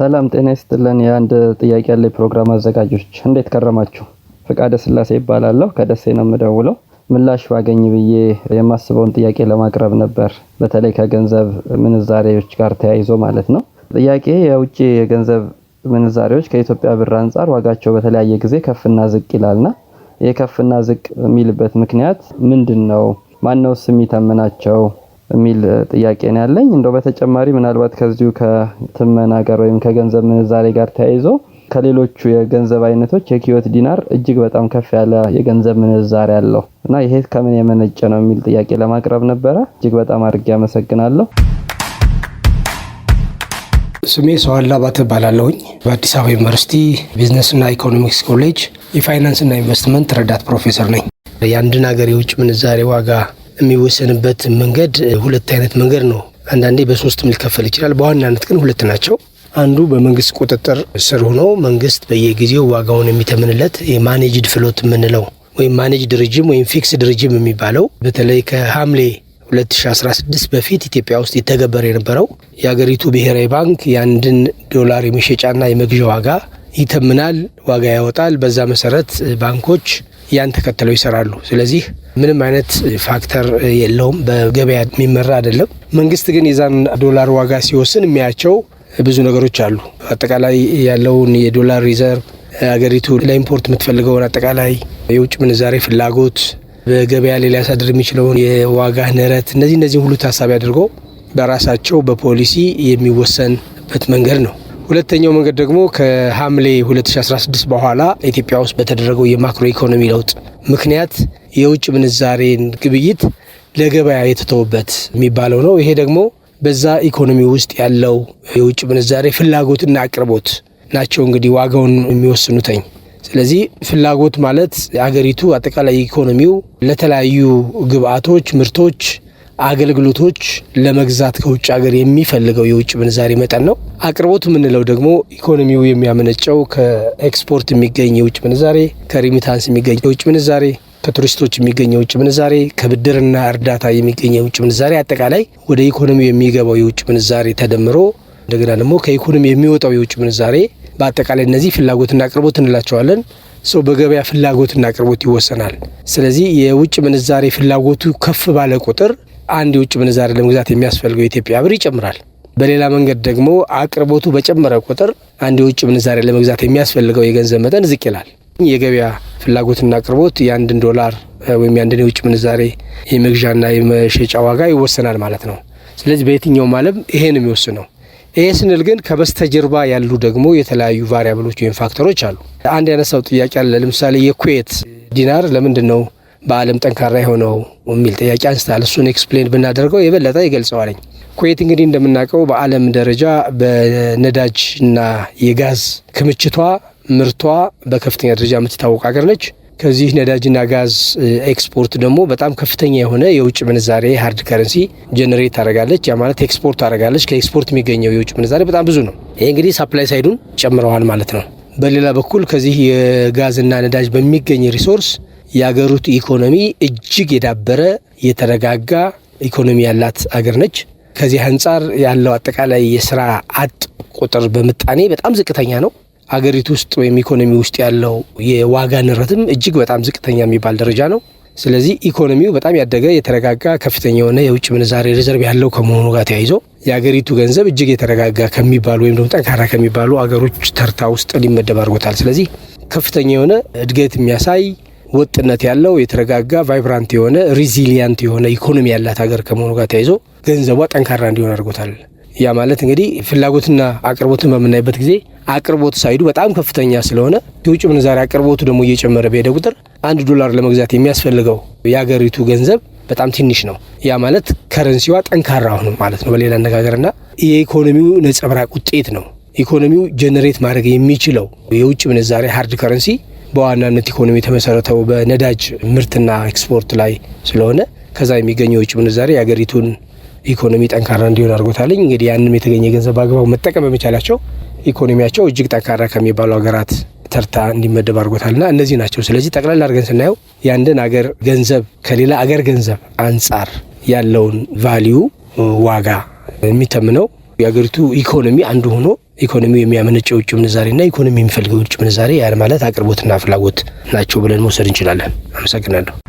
ሰላም ጤና ይስጥልን። የአንድ ጥያቄ ያለ ፕሮግራም አዘጋጆች እንዴት ከረማችሁ? ፍቃደ ስላሴ ይባላለሁ። ከደሴ ነው የምደውለው። ምላሽ ባገኝ ብዬ የማስበውን ጥያቄ ለማቅረብ ነበር። በተለይ ከገንዘብ ምንዛሬዎች ጋር ተያይዞ ማለት ነው። ጥያቄ የውጭ የገንዘብ ምንዛሬዎች ከኢትዮጵያ ብር አንጻር ዋጋቸው በተለያየ ጊዜ ከፍና ዝቅ ይላልና የከፍና ዝቅ የሚልበት ምክንያት ምንድን ነው? ስም የሚተምናቸው? የሚል ጥያቄ ነው ያለኝ። እንደው በተጨማሪ ምናልባት ከዚሁ ከትመና ጋር ወይም ከገንዘብ ምንዛሬ ጋር ተያይዞ ከሌሎቹ የገንዘብ አይነቶች የኪዮት ዲናር እጅግ በጣም ከፍ ያለ የገንዘብ ምንዛሬ አለው እና ይሄ ከምን የመነጨ ነው የሚል ጥያቄ ለማቅረብ ነበረ። እጅግ በጣም አድርጌ አመሰግናለሁ። ስሜ ሰዋላ ባተ እባላለሁኝ። በአዲስ አበባ ዩኒቨርሲቲ ቢዝነስና ኢኮኖሚክስ ኮሌጅ የፋይናንስና ኢንቨስትመንት ረዳት ፕሮፌሰር ነኝ። የአንድን ሀገር የውጭ ምንዛሬ ዋጋ የሚወሰንበት መንገድ ሁለት አይነት መንገድ ነው። አንዳንዴ በሶስትም ሊከፈል ይችላል። በዋናነት ግን ሁለት ናቸው። አንዱ በመንግስት ቁጥጥር ስር ሆኖ መንግስት በየጊዜው ዋጋውን የሚተምንለት የማኔጅድ ፍሎት የምንለው ወይም ማኔጅድ ሪጅም ወይም ፊክስድ ድርጅም የሚባለው በተለይ ከሐምሌ 2016 በፊት ኢትዮጵያ ውስጥ ይተገበር የነበረው የአገሪቱ ብሔራዊ ባንክ የአንድን ዶላር የመሸጫና የመግዣ ዋጋ ይተምናል፣ ዋጋ ያወጣል። በዛ መሰረት ባንኮች ያን ተከትለው ይሰራሉ። ስለዚህ ምንም አይነት ፋክተር የለውም። በገበያ የሚመራ አይደለም። መንግስት ግን የዛን ዶላር ዋጋ ሲወስን የሚያቸው ብዙ ነገሮች አሉ። አጠቃላይ ያለውን የዶላር ሪዘርቭ፣ አገሪቱ ለኢምፖርት የምትፈልገውን አጠቃላይ የውጭ ምንዛሬ ፍላጎት፣ በገበያ ላይ ሊያሳድር የሚችለውን የዋጋ ንረት፣ እነዚህ እነዚህ ሁሉ ታሳቢ አድርጎ በራሳቸው በፖሊሲ የሚወሰንበት መንገድ ነው። ሁለተኛው መንገድ ደግሞ ከሐምሌ 2016 በኋላ ኢትዮጵያ ውስጥ በተደረገው የማክሮ ኢኮኖሚ ለውጥ ምክንያት የውጭ ምንዛሬን ግብይት ለገበያ የተተውበት የሚባለው ነው። ይሄ ደግሞ በዛ ኢኮኖሚ ውስጥ ያለው የውጭ ምንዛሬ ፍላጎትና አቅርቦት ናቸው እንግዲህ ዋጋውን የሚወስኑተኝ። ስለዚህ ፍላጎት ማለት የአገሪቱ አጠቃላይ ኢኮኖሚው ለተለያዩ ግብአቶች፣ ምርቶች አገልግሎቶች ለመግዛት ከውጭ ሀገር የሚፈልገው የውጭ ምንዛሬ መጠን ነው። አቅርቦት የምንለው ደግሞ ኢኮኖሚው የሚያመነጨው ከኤክስፖርት የሚገኝ የውጭ ምንዛሬ፣ ከሪሚታንስ የሚገኝ የውጭ ምንዛሬ ከቱሪስቶች የሚገኝ የውጭ ምንዛሬ፣ ከብድርና እርዳታ የሚገኝ የውጭ ምንዛሬ፣ አጠቃላይ ወደ ኢኮኖሚው የሚገባው የውጭ ምንዛሬ ተደምሮ እንደገና ደግሞ ከኢኮኖሚ የሚወጣው የውጭ ምንዛሬ፣ በአጠቃላይ እነዚህ ፍላጎትና አቅርቦት እንላቸዋለን። ሰው በገበያ ፍላጎትና አቅርቦት ይወሰናል። ስለዚህ የውጭ ምንዛሬ ፍላጎቱ ከፍ ባለ ቁጥር አንድ የውጭ ምንዛሬ ለመግዛት የሚያስፈልገው የኢትዮጵያ ብር ይጨምራል። በሌላ መንገድ ደግሞ አቅርቦቱ በጨመረ ቁጥር አንድ የውጭ ምንዛሬ ለመግዛት የሚያስፈልገው የገንዘብ መጠን ዝቅ ይላል። የገበያ ፍላጎትና አቅርቦት የአንድን ዶላር ወይም የአንድን የውጭ ምንዛሬ የመግዣና የመሸጫ ዋጋ ይወሰናል ማለት ነው። ስለዚህ በየትኛውም ዓለም ይሄን ነው የሚወስነው። ይሄ ስንል ግን ከበስተጀርባ ያሉ ደግሞ የተለያዩ ቫሪያብሎች ወይም ፋክተሮች አሉ። አንድ ያነሳው ጥያቄ አለ። ለምሳሌ የኩዌት ዲናር ለምንድን ነው በዓለም ጠንካራ የሆነው የሚል ጥያቄ አንስታል። እሱን ኤክስፕሌን ብናደርገው የበለጠ ይገልጸዋለኝ። ኩዌት እንግዲህ እንደምናውቀው በዓለም ደረጃ በነዳጅ እና የጋዝ ክምችቷ ምርቷ በከፍተኛ ደረጃ የምትታወቅ ሀገር ነች። ከዚህ ነዳጅና ጋዝ ኤክስፖርት ደግሞ በጣም ከፍተኛ የሆነ የውጭ ምንዛሬ ሀርድ ከረንሲ ጀነሬት ታደርጋለች። ያ ማለት ኤክስፖርት ታደርጋለች። ከኤክስፖርት የሚገኘው የውጭ ምንዛሬ በጣም ብዙ ነው። ይህ እንግዲህ ሳፕላይ ሳይዱን ጨምረዋል ማለት ነው። በሌላ በኩል ከዚህ የጋዝና ነዳጅ በሚገኝ ሪሶርስ የአገሪቱ ኢኮኖሚ እጅግ የዳበረ የተረጋጋ ኢኮኖሚ ያላት አገር ነች። ከዚህ አንጻር ያለው አጠቃላይ የስራ አጥ ቁጥር በምጣኔ በጣም ዝቅተኛ ነው። አገሪቱ ውስጥ ወይም ኢኮኖሚ ውስጥ ያለው የዋጋ ንረትም እጅግ በጣም ዝቅተኛ የሚባል ደረጃ ነው። ስለዚህ ኢኮኖሚው በጣም ያደገ የተረጋጋ ከፍተኛ የሆነ የውጭ ምንዛሬ ሪዘርቭ ያለው ከመሆኑ ጋር ተያይዞ የአገሪቱ ገንዘብ እጅግ የተረጋጋ ከሚባሉ ወይም ደግሞ ጠንካራ ከሚባሉ አገሮች ተርታ ውስጥ ሊመደብ አድርጎታል። ስለዚህ ከፍተኛ የሆነ እድገት የሚያሳይ ወጥነት ያለው የተረጋጋ ቫይብራንት የሆነ ሪዚሊያንት የሆነ ኢኮኖሚ ያላት ሀገር ከመሆኑ ጋር ተያይዞ ገንዘቧ ጠንካራ እንዲሆን አድርጎታል። ያ ማለት እንግዲህ ፍላጎትና አቅርቦትን በምናይበት ጊዜ አቅርቦት ሳይዱ በጣም ከፍተኛ ስለሆነ የውጭ ምንዛሪ አቅርቦቱ ደግሞ እየጨመረ በሄደ ቁጥር አንድ ዶላር ለመግዛት የሚያስፈልገው የሀገሪቱ ገንዘብ በጣም ትንሽ ነው። ያ ማለት ከረንሲዋ ጠንካራ ሆኑ ማለት ነው። በሌላ አነጋገርና የኢኮኖሚው ነጸብራቅ ውጤት ነው። ኢኮኖሚው ጀነሬት ማድረግ የሚችለው የውጭ ምንዛሬ ሀርድ ከረንሲ በዋናነት ኢኮኖሚ የተመሰረተው በነዳጅ ምርትና ኤክስፖርት ላይ ስለሆነ ከዛ የሚገኘው የውጭ ምንዛሬ የሀገሪቱን ኢኮኖሚ ጠንካራ እንዲሆን አድርጎታለኝ። እንግዲህ ያንም የተገኘ ገንዘብ በአግባቡ መጠቀም በመቻላቸው ኢኮኖሚያቸው እጅግ ጠንካራ ከሚባሉ ሀገራት ተርታ እንዲመደብ አድርጎታልና እነዚህ ናቸው። ስለዚህ ጠቅላላ አድርገን ስናየው የአንድን አገር ገንዘብ ከሌላ አገር ገንዘብ አንጻር ያለውን ቫሊዩ ዋጋ የሚተምነው የሀገሪቱ ኢኮኖሚ አንዱ ሆኖ ኢኮኖሚው የሚያመነጨው ውጭ እና ኢኮኖሚ የሚፈልገው ውጭ ምንዛሬ ያ ማለት አቅርቦትና ፍላጎት ናቸው ብለን መውሰድ እንችላለን። አመሰግናለሁ።